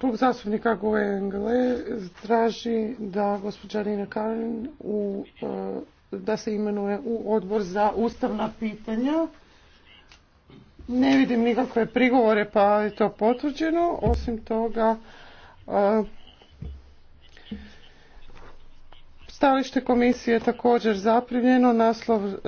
Klub zastupnika GUE traži da gospođa Nina Karin e, da se imenuje u odbor za ustavna pitanja. Ne vidim nikakve prigovore pa je to potvrđeno. Osim toga e, Stalište komisije je također zaprimljeno, naslov